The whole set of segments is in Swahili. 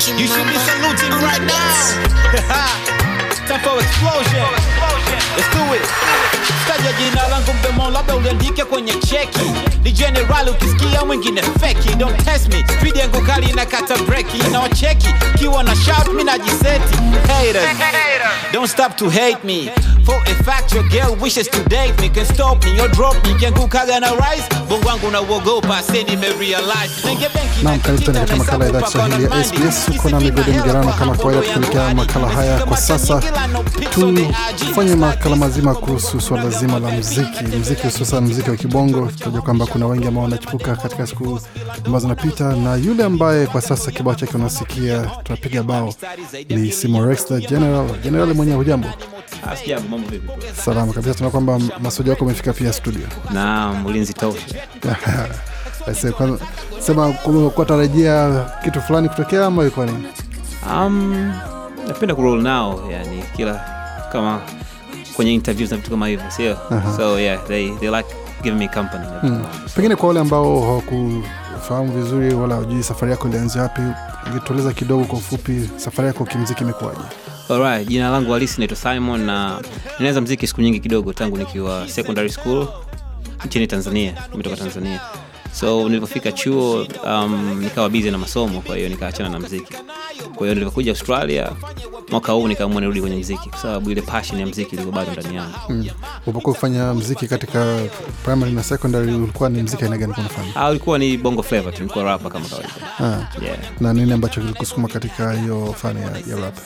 You should be saluting right now. Time for explosion. Let's do it. Staja jina langu mdomo, labda uliandike kwenye cheki. Ni general ukisikia mwingine feki. Don't test me, speed yangu kali inakata breki. Inaocheki kiwa na shout, mi najiseti. Haters, don't stop to hate me. for a fact your girl wishes to date me can stop me or drop me a na rise bongo wangu na uogopa se nimerealize nam karibu katika makala ya idhaa Kiswahili ya SBS huko na migodi migerano kama kawaida, tukuletea makala haya kwa sasa. Tufanye makala mazima kuhusu swala zima la muziki, muziki hususan muziki wa kibongo. Tunajua kwamba kuna wengi ambao wanachipuka katika siku ambazo zinapita, na yule ambaye kwa sasa kibao chake unasikia tunapiga bao ni Simo Rexla General. General mwenyewe, hujambo? Salama kabisa, tuna kwamba masoja wako amefika pia studio. Naam, ulinzi tosha. Sema kuwa tarajia kitu fulani kutokea ama ilikuwa nini? Um, napenda ku roll nao, yani kila kama kwenye interviews na vitu kama hivyo, sio? So yeah, they, they like giving me company. Hmm. Pengine kwa wale ambao hawakufahamu vizuri wala hujui safari yako ilianzia wapi, ungetueleza kidogo kwa ufupi safari yako kimziki imekuwaje? Alright, jina langu halisi naitwa Simon na ninaweza mziki siku nyingi kidogo tangu nikiwa secondary school nchini Tanzania, nimetoka Tanzania. So nilipofika chuo um, nikawa busy na masomo, kwa hiyo nikaachana na mziki. Kwa hiyo nilipokuja Australia mwaka huu nikaamua nirudi kwenye mziki kwa sababu ile passion ya mziki ilikuwa bado ndani yangu mm. ulipokuwa kufanya mziki katika primary na secondary ulikuwa ni mziki aina gani unafanya ah, ulikuwa ni bongo flavor tu nilikuwa rapa kama kawaida ah. yeah. na nini ambacho kilikusukuma katika hiyo fani ya, ya rap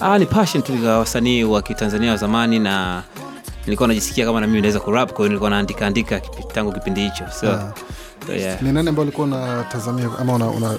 ah, ni passion tu ya wasanii wa kitanzania wa zamani na nilikuwa najisikia kama na mimi naweza kurap kwa hiyo nilikuwa naandika andika tangu kipindi hicho so ah yeah. Ni nani ambao ulikuwa unatazamia ama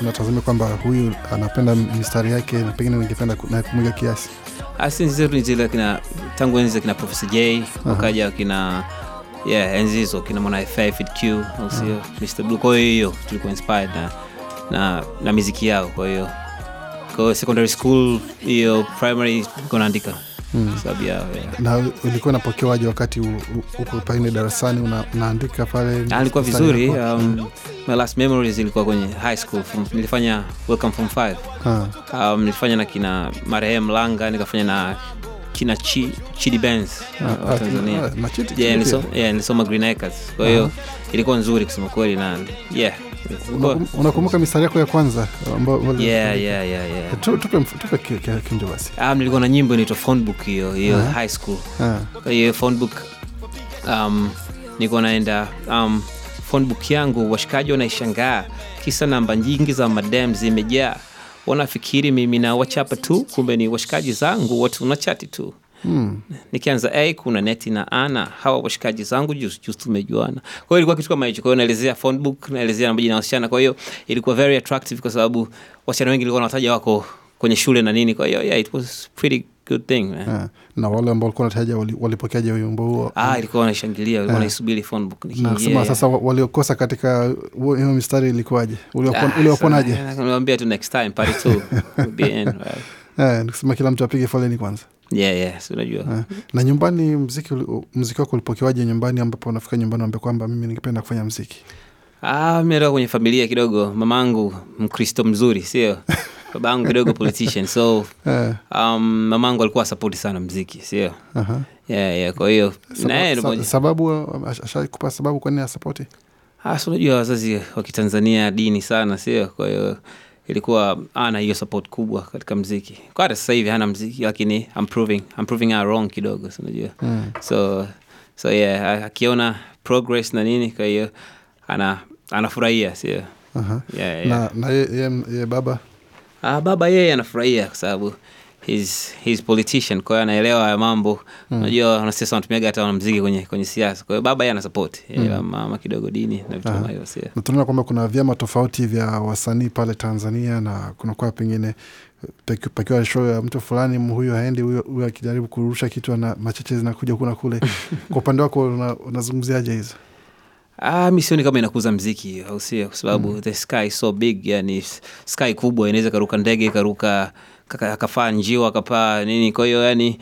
unatazamia una, kwamba huyu anapenda mistari yake na pengine ningependa kumwiga kiasi? Asili ah, zetu ni zile kina tangu enzi za kina profes J wakaja kina yeah, enzi hizo kina mwana FIFQ au sio, Mr Blue. Kwa hiyo hiyo tulikuwa inspired na, na, na miziki yao, kwa hiyo kwa secondary school hiyo primary tuko naandika Mm. sababu yao na ulikuwa unapokewaje wakati uko pengine darasani una, unaandika pale alikuwa ah, vizuri um, mm. my last memories ilikuwa kwenye high school from, nilifanya welcome from five um, nilifanya na kina marehemu langa nikafanya na kina chi, chidi wa watanzania nilisoma green acres kwa hiyo ilikuwa nzuri kusema kweli na yeah unakumbuka mistari yako ya kwanza kinjo basi ah, nilikuwa na nyimbo inaitwa phonebook hiyo hiyo uh-huh. high school uh-huh. hiyo uh-huh. phonebook um, nilikuwa naenda um, phonebook yangu washikaji wanaishangaa kisa namba nyingi za madem zimejaa wanafikiri mimi nawachapa tu kumbe ni washikaji zangu watu unachati tu Hmm. Nikianza a kuna neti na ana hawa washikaji zangu juzi juzi tumejuana, kwa hiyo ilikuwa kitu kama hicho. Kwa hiyo naelezea phone book, naelezea majina ya wasichana, kwa hiyo ilikuwa very attractive kwa sababu wasichana wengi walikuwa wanataja wako kwenye shule na nini, kwa hiyo yeah, it was pretty good thing man. Yeah. Na wale ambao walikuwa wanataja walipokeaje wimbo huo? Ah, ilikuwa wanashangilia, walikuwa eh. wanaisubiri phone book Na Sasa waliokosa katika hiyo mistari ilikuwaje? Ah, uliokonaje? Niwaambia tu next time part 2 will be in right. Yeah, nikisema kila mtu apige foleni kwanza yeah, yeah, si unajua eh, Na nyumbani mziki, mziki wako ulipokewaje nyumbani, ambapo unafika nyumbani ambe kwamba mimi ningependa kufanya mziki? Ah, mi natoka kwenye familia kidogo, mamangu Mkristo mzuri, sio babangu kidogo politician so yeah. um, mamangu alikuwa sapoti sana mziki sio uh-huh. yeah, yeah, kwa hiyo Saba, sababu ashakupa sababu kwa nini asapoti? Ah, si unajua wazazi wa Kitanzania dini sana sio, kwa hiyo ilikuwa ana hiyo support kubwa katika mziki kwa hata sasa hivi hana mziki lakini I'm proving, I'm proving her wrong kidogo sinajua mm. so so yeah akiona progress na nini kwa hiyo ana anafurahia sio uh-huh. yeah, yeah. na, na ye, ye, ye baba ah, baba yeye anafurahia kwa sababu he's, politician, kwa hiyo anaelewa haya mambo. Mm. Unajua mm. wanasiasa wanatumiaga hata wanamziki kwenye, kwenye siasa, kwa hiyo baba ye anasapoti yeah. Mm. mama kidogo dini na vitu ah. tunaona kwamba kuna vyama tofauti vya wasanii pale Tanzania na kunakuwa pengine pakiwa show ya mtu fulani huyu aendi huyu akijaribu kurusha kitu na machache zinakuja kuna kule. Kwa upande wako unazungumziaje hizo? Ah, mi sioni kama inakuza mziki au sio, kwa sababu mm. the sky is so big, yani sky kubwa inaweza karuka ndege karuka akafaa njio akapaa nini kwa hiyo yani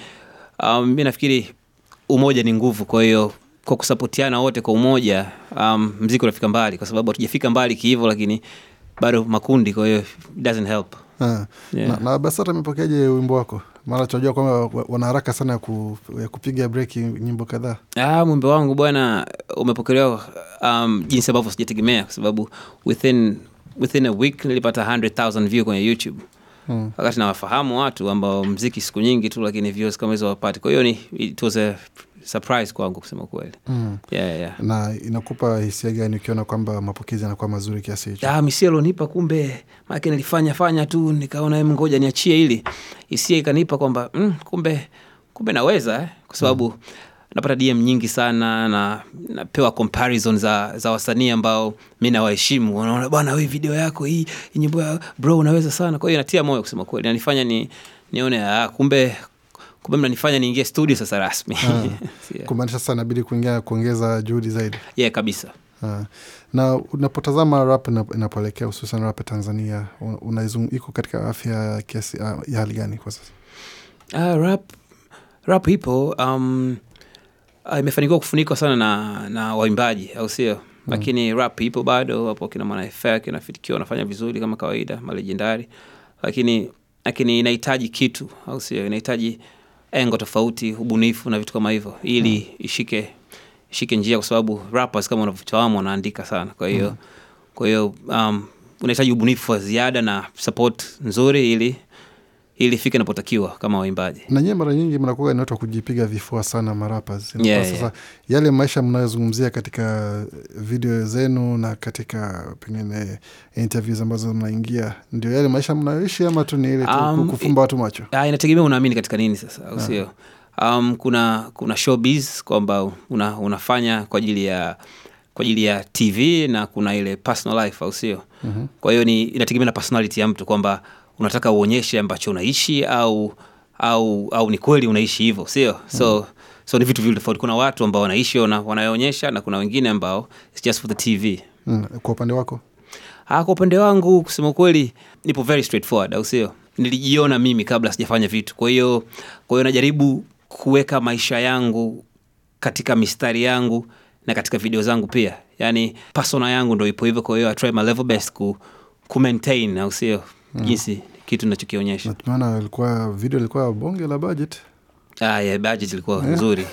um, mi nafikiri umoja ni nguvu kwa hiyo kwa kusapotiana wote kwa umoja um, mziki unafika mbali kwa sababu hatujafika mbali kihivo lakini bado makundi kwa hiyo doesn't help ah, Yeah. Na, na BASATA amepokeaje wimbo wako? Maana tunajua kwamba wana haraka sana ya, ku, ya kupiga breki nyimbo kadhaa. Ah, wangu bwana umepokelewa um, jinsi ambavyo sijategemea kwa sababu within, within a week nilipata 100,000 view kwenye YouTube mm. wakati nawafahamu watu ambao mziki siku nyingi tu, lakini views kama hizo wapati. Kwa hiyo ni it was a surprise kwangu kusema kweli mm. yeah, yeah. na inakupa hisia gani ukiona kwamba mapokezi yanakuwa mazuri kiasi hicho? Hisia ah, ilonipa kumbe, maake nilifanya fanya tu nikaona em, ngoja niachie ili hisia ikanipa kwamba mm, kumbe kumbe naweza eh, kwa sababu mm napata dm nyingi sana na napewa comparison za, za wasanii ambao mi nawaheshimu wanaona bwana hii video yako hii nyimbo ya bro unaweza sana kwa hiyo inatia moyo kusema kweli nanifanya ni, nione ah, kumbe kumbe mnanifanya niingie studio sasa rasmi ah, yeah. kumaanisha sasa nabidi kuingia kuongeza juhudi zaidi ye yeah, kabisa Ha. Ah, na unapotazama rap inapoelekea hususan rap tanzania iko katika afya kiasi ah, ya hali gani kwa sasa uh, rap, rap ipo um, Ah, imefanikiwa kufunikwa sana na, na waimbaji au sio? Mm. Lakini rap ipo bado, wapo kina Mwanafa kina Fitkiwa wanafanya vizuri kama kawaida, malejendari, lakini lakini inahitaji kitu au sio? Inahitaji engo tofauti, ubunifu na vitu kama hivyo ili mm. ishike ishike njia, kwa sababu rappers kama unavyofahamu wanaandika sana, kwa hiyo mm. kwa hiyo um, unahitaji ubunifu wa ziada na support nzuri ili ili ifike inapotakiwa kama waimbaji. Na nyie mara nyingi mnakuwa ni watu wa kujipiga vifua sana marapas. Yeah, sasa yeah. Yale maisha mnayozungumzia katika video zenu na katika pengine interviews ambazo mnaingia, ndio yale maisha mnayoishi ama tu ni ile um, kufumba watu macho? Ah, inategemea unaamini katika nini sasa, au ah. sio? Um, kuna kuna showbiz kwamba una, unafanya kwa ajili ya kwa ajili ya TV na kuna ile personal life, au sio? mm -hmm. Kwa hiyo ni inategemea na personality ya mtu kwamba unataka uonyeshe ambacho unaishi au au au ni kweli unaishi hivyo, sio? So mm. so ni vitu viwili tofauti. Kuna watu ambao wanaishi wanayoonyesha, na kuna wengine ambao it's just for the TV. Mm. Kwa upande wako? Ah, kwa upande wangu kusema kweli nipo very straightforward, au sio? Nilijiona mimi kabla sijafanya vitu, kwa hiyo kwa hiyo najaribu kuweka maisha yangu katika mistari yangu na katika video zangu pia, yani persona yangu ndo ipo hivyo. Kwa hiyo I try my level best ku, ku maintain, au sio? mm. jinsi kitu nachokionyesha maana ilikuwa video ilikuwa bonge la budget Ah, yeah, budget ilikuwa yeah. nzuri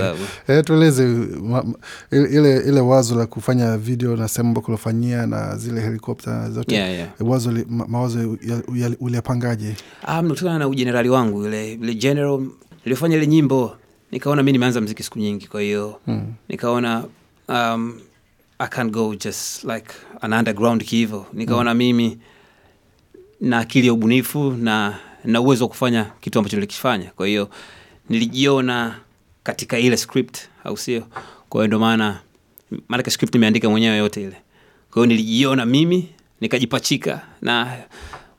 eh, tueleze ile ile wazo la kufanya video na sehemu ambako ulofanyia na zile helikopta zote yeah, yeah. Eh, wazo li, mawazo uliyapangaje um, na ujenerali wangu ile ile general ile nyimbo nikaona mi nimeanza mziki siku nyingi kwa hiyo mm. nikaona um, i can't go just like an underground kivo nikaona mm. mimi na akili ya ubunifu na na uwezo wa kufanya kitu ambacho nilikifanya. Kwa hiyo nilijiona katika ile script, au sio? Kwa hiyo ndio maana maanake script nimeandika mwenyewe yote ile. Kwa hiyo nilijiona mimi nikajipachika na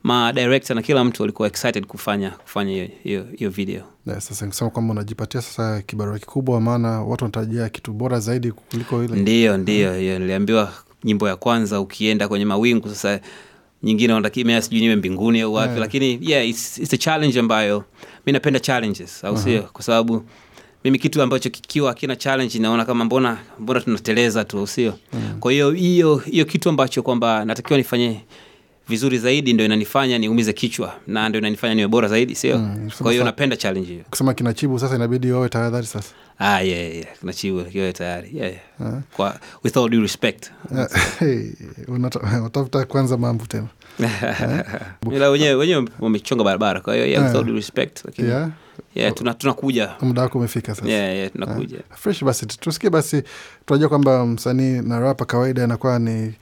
ma director na kila mtu walikuwa excited kufanya kufanya hiyo hiyo video. Yeah, sasa nikisema kwamba unajipatia sasa kibarua kikubwa, maana watu wanatarajia kitu bora zaidi kuliko ile. Ndio, ndio, hiyo. Hmm, niliambiwa nyimbo ya kwanza ukienda kwenye mawingu sasa nyingine wanatakimea sijui niwe mbinguni au wapi yeah. lakini yeah, it's, it's a challenge ambayo mi napenda challenges au sio uh-huh. kwa sababu mimi kitu ambacho kikiwa akina challenge naona kama mbona mbona tunateleza tu au sio yeah. Mm. kwa hiyo hiyo hiyo kitu ambacho kwamba natakiwa nifanye vizuri zaidi ndo inanifanya niumize kichwa na ndo inanifanya niwe bora zaidi sio mm, kwa hiyo napenda challenge hiyo kusema kinachibu sasa inabidi wawe tayari sasa ah, yeah, yeah. kinachibu kiwe tayari yeah, yeah. Uh. huh Kwa, with all due respect uh, hey, kwanza mambo tena ila wenyewe wenyewe wamechonga barabara kwa hiyo yeah, with ah. all due respect lakini yeah yeah, tunakuja tuna muda wako umefika sasa. yeah, yeah, tunakuja yeah. Fresh basi tusikie basi, tunajua kwamba msanii na rapa kawaida anakuwa ni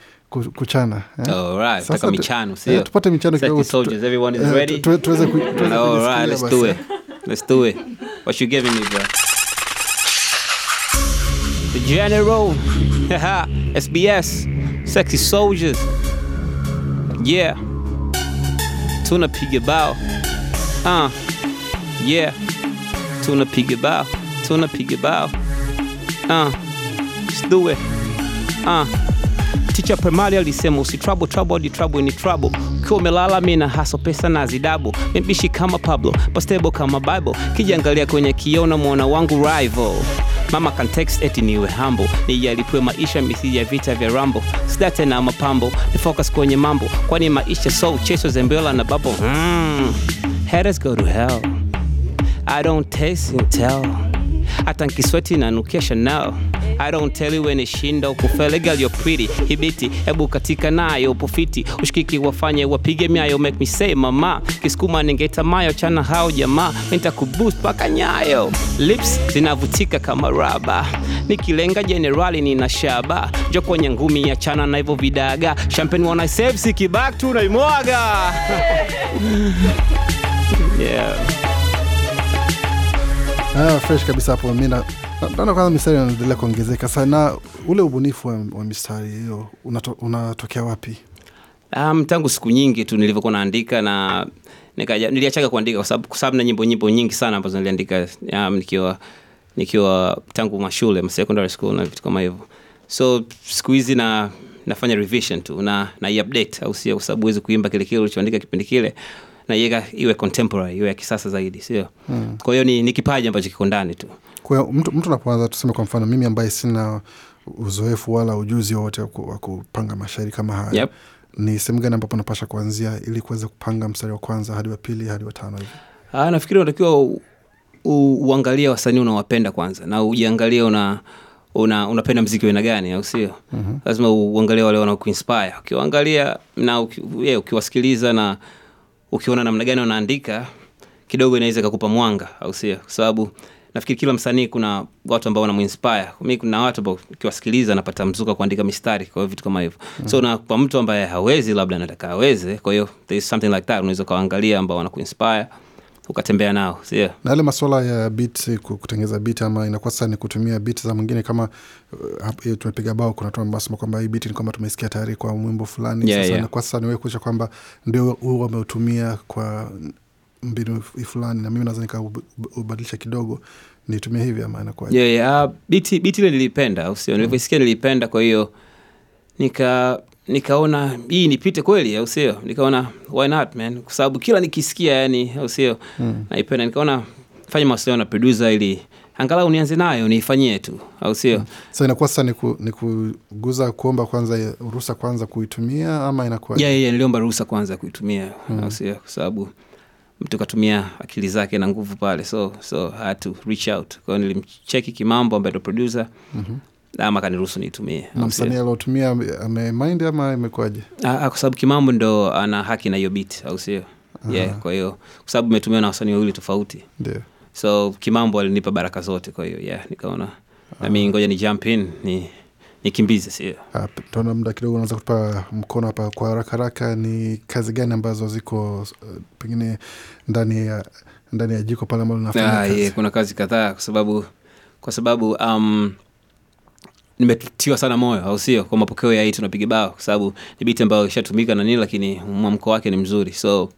kuchana eh? right, michano sio eh, tupate michano kidogo eh, tuweze let's do it what you giving me bro the general SBS sexy soldiers yeah tunapiga bao ah uh. Yeah, Tuna tunapiga bao, tunapiga bao. Uh, Just do it. Uh. Teacher primary alisema usi trouble trouble hadi trouble ni trouble. Ukiwa umelala mimi na haso pesa na zidabu. Mbishi kama Pablo, pastable kama Bible. Kijiangalia kwenye kioo na muona wangu rival. Mama can text eti niwe humble, Ni nijaribiwe maisha misiji ya vita vya rambo, sida tena mapambo, ni focus kwenye mambo, kwani maisha so cheso zembiola na babo. Mm. Haters go to hell. I don't taste and tell. Hata nkisweti nanukia now. I don't tell you when it's shinda ukufele girl you're pretty. Hibiti ebu katika nayo pofiti ushikiki wafanye wapige miayo make me say mama kisukuma ningeita mayo chana hao jamaa kuboost paka nyayo. Lips zinavutika kama raba nikilenga generali nina shaba jo kwenye ngumi ya chana na hivyo vidaga champagne wanna save siki sikibak tu naimwaga yeah. Ah, fresh kabisa hapo. Mimi naona kwanza mistari inaendelea kuongezeka sana. Ule ubunifu wa, wa mistari hiyo unato, unatokea wapi? Um, tangu siku nyingi tu nilivyokuwa naandika na nikaja niliachaga kuandika kwa sababu kwa sababu na nyimbo nyimbo nyingi sana ambazo niliandika um, nikiwa nikiwa tangu mashule secondary school na vitu kama hivyo. So siku hizi na nafanya revision tu na na update au sio, kwa sababu huwezi kuimba kile kile ulichoandika kipindi kile, kile naiweka iwe contemporary iwe ya kisasa zaidi, sio mm. Kwa hiyo ni, ni kipaji ambacho kiko ndani tu. Kwa mtu, mtu anapoanza, tuseme kwa mfano mimi ambaye sina uzoefu wala ujuzi wowote wa kupanga mashairi kama haya yep. Ni sehemu gani ambapo napasha kuanzia ili kuweza kupanga mstari wa kwanza hadi wa pili hadi wa tano hivi? Ah, nafikiri unatakiwa uangalie wasanii unawapenda kwanza na ujiangalie una una unapenda mziki wena gani, au sio? mm -hmm. Lazima uangalie wale wanaokuinspire ukiwaangalia na uki, yeah, ukiwasikiliza na ukiona namna gani unaandika kidogo inaweza ikakupa mwanga, au sio? Kwa sababu nafikiri kila msanii kuna watu ambao wanamuinspire. Mimi kuna watu ambao ukiwasikiliza napata mzuka kuandika mistari, kwa vitu kama hivyo mm. So na kwa mtu ambaye hawezi, labda anataka aweze, kwa hiyo there is something like that, unaweza ukawaangalia ambao wanakuinspire ukatembea nao sio? Na yale masuala ya bit, kutengeza bit ama inakuwa sasa ni kutumia bit za mwingine kama uh, eh, tumepiga bao, kuna tu amesema kwamba hii bit ni kwamba tumesikia tayari kwa mwimbo fulani yeah, sasa yeah. Inakuwa sasa niwe kuisha kwamba ndio huu wameutumia kwa mbinu fulani, na mimi naweza nikaubadilisha kidogo nitumie hivi ama inakuwa yeah, yeah. Uh, ah, bit, ile nilipenda, usio mm. nilivyoisikia nilipenda, kwa hiyo nika nikaona hii nipite kweli, au sio? Nikaona why not man, kwa sababu kila nikisikia yani, au sio? Mm. Naipenda, nikaona fanya mawasiliano na producer ili angalau nianze nayo niifanyie tu, au sio? Mm. So inakuwa sasa ni, ku, ni kuguza kuomba kwanza ruhusa kwanza kuitumia ama inakuwa yeah, yeah, niliomba ruhusa kwanza kuitumia mm. au sio? Kwa sababu mtu katumia akili zake na nguvu pale, so so had to reach out. Kwa hiyo nilimcheki Kimambo ambaye ndo producer mm -hmm ama kaniruhusu nitumie Na msanii aliotumia amemaindi ama imekuaje ah, ah, Kwa sababu Kimambo ndo ana haki na hiyo biti au sio? Yeah, kwa hiyo kwa sababu imetumiwa na wasanii wawili tofauti. Ndio. So Kimambo alinipa baraka zote, kwa hiyo yeah, nikaona nami ah. ngoja ni jump in ni nikimbize, sio? tuona muda kidogo, unaweza kutupa mkono hapa kwa haraka haraka, ni kazi gani ambazo ziko eh, pengine ndani ya ndani ya jiko pale ambalo nafanya kazi? Kuna kazi kadhaa kwa sababu kwa sababu um, nimetiwa sana moyo, au sio, kwa mapokeo ya hii tunapiga bao, kwa sababu ni biti ambayo ishatumika na nini, lakini mwamko wake ni mzuri, so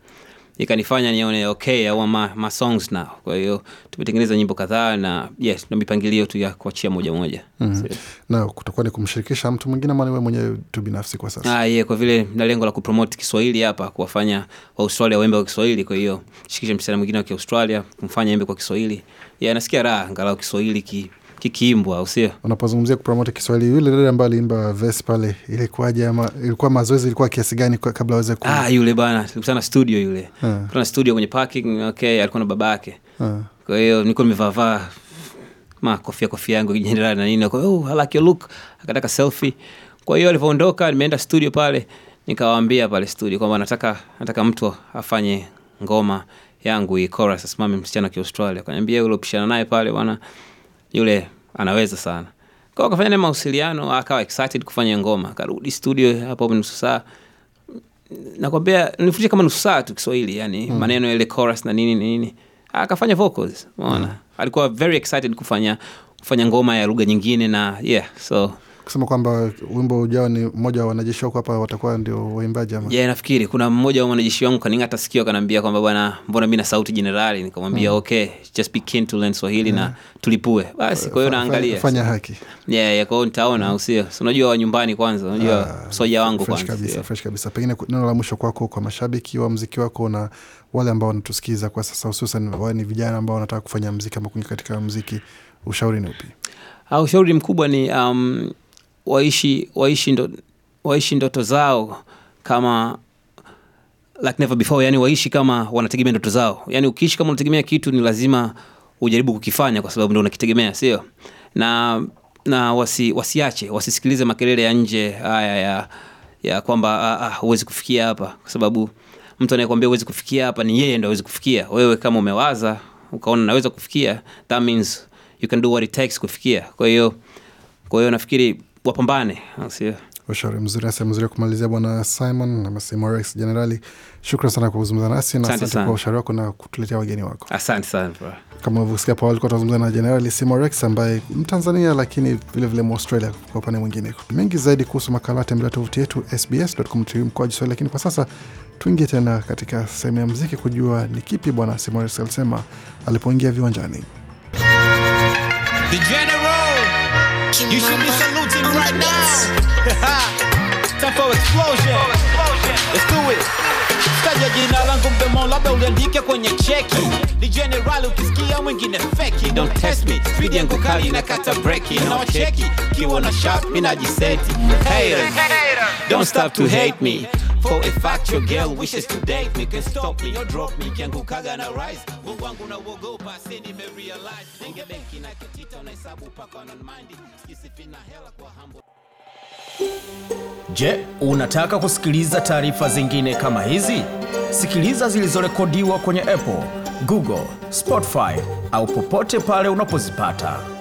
ikanifanya nione okay, au ma, ma songs na Kwa hiyo tumetengeneza nyimbo kadhaa na yes, na mipangilio tu ya kuachia moja moja. mm -hmm. so, na kutakuwa ni kumshirikisha mtu mwingine ama wewe mwenyewe tu binafsi kwa sasa? Ah, yeah, kwa vile na lengo la kupromote Kiswahili hapa, kuwafanya Waaustralia waimbe kwa Kiswahili, kwa hiyo shirikisha msanii mwingine wa Kiaustralia kumfanya imbe kwa Kiswahili. Yeah, nasikia raha angalau Kiswahili ki kikiimbwa au sio? Unapozungumzia kupromote Kiswahili, yule dada ambaye aliimba Verse pale, ilikuwaje ama ilikuwa mazoezi ilikuwa kiasi gani kabla aweze ku... Ah, yule bana tulikutana studio, yule ah. na studio kwenye parking. Okay, alikuwa na baba yake, ah. kwa hiyo nilikuwa nimevaavaa ma kofia kofia yangu jenerali na nini, kwa oh, I like your look, akataka selfie. Kwa hiyo alivyoondoka, nimeenda studio pale, nikawaambia pale studio kwamba nataka nataka mtu afanye ngoma yangu hii chorus, asimame msichana ki Australia. Kaniambia upishana naye pale bwana yule anaweza sana. Kwa akafanya na mahusiano, akawa excited kufanya ngoma, karudi studio hapo nusu saa nakwambia nifutie kama nusu saa tu Kiswahili, yani mm. maneno yale chorus na nini nini, akafanya vocals. umeona mm. alikuwa very excited kufanya kufanya ngoma ya lugha nyingine na yeah so kusema kwamba wimbo ujao ni mmoja wa wanajeshi wako hapa watakuwa ndio waimbaji ama? Yeah, nafikiri kuna mmoja wa wanajeshi wangu kaninga hata sikio kanaambia kwamba bwana, mbona mi na sauti jenerali? Nikamwambia mm. okay just be keen to learn Swahili yeah. na tulipue basi. Kwa hiyo naangalia fanya haki yeah, yeah, kwa hiyo nitaona mm. usio unajua wa nyumbani kwanza, unajua uh, soja wangu fresh kwanza kabisa, yeah. fresh kabisa. Pengine neno la mwisho kwako kwa mashabiki wa mziki wako na wale ambao wanatusikiza kwa sasa, hususan wale ni vijana ambao wanataka kufanya mziki ama kuingia katika mziki, ushauri ni upi? Uh, ushauri mkubwa ni um, waishi, waishi, ndo, waishi ndoto zao kama like never before, yani waishi kama wanategemea ndoto zao. Yani ukiishi kama unategemea kitu, ni lazima ujaribu kukifanya, kwa sababu ndo unakitegemea, sio na na wasi, wasiache wasisikilize makelele ya nje haya ya, ya kwamba ah, ah, huwezi ah, kufikia hapa, kwa sababu mtu anayekwambia huwezi kufikia hapa ni yeye ndo awezi kufikia. Wewe kama umewaza ukaona naweza kufikia, that means you can do what it takes kufikia. Kwa hiyo kwa hiyo nafikiri wapambane Asia. Eh. Ushauri mzuri, hasa mzuri wa kumalizia Bwana Simon amesema Rex Jenerali. Shukran sana kwa kuzungumza nasi na asante kwa ushauri wako na kutuletea wageni wako. Asante sana bro. Kama ulivyosikia hapo alikuwa tunazungumza na Jenerali Simorex ambaye Mtanzania lakini vilevile Mwaustralia kwa upande mwingine. Mengi zaidi kuhusu makala, tembelea tovuti yetu sbs.com.au kwa Kiswahili, lakini kwa sasa tuingie tena katika sehemu ya mziki kujua ni kipi Bwana Simorex alisema alipoingia viwanjani. The General You should be saluting right now. Time for explosion. Let's do it. Taja jina langu mdomo, labda uliandike kwenye cheki. Ni general ukisikia mwingine feki. Don't test me, speed yangu kali inakata breki. Na cheki, kiwa na shot mina jiseti. don't stop to hate me. For a fact your girl wishes to date me can stop me or drop me can go kagana rise go Mungu wangu na uogopa si nimerealize Ninge benki na kitita unahesabu paka wananmindi Sikisifi na hela kwa humble Je, unataka kusikiliza taarifa zingine kama hizi? Sikiliza zilizorekodiwa kwenye Apple, Google, Spotify au popote pale unapozipata.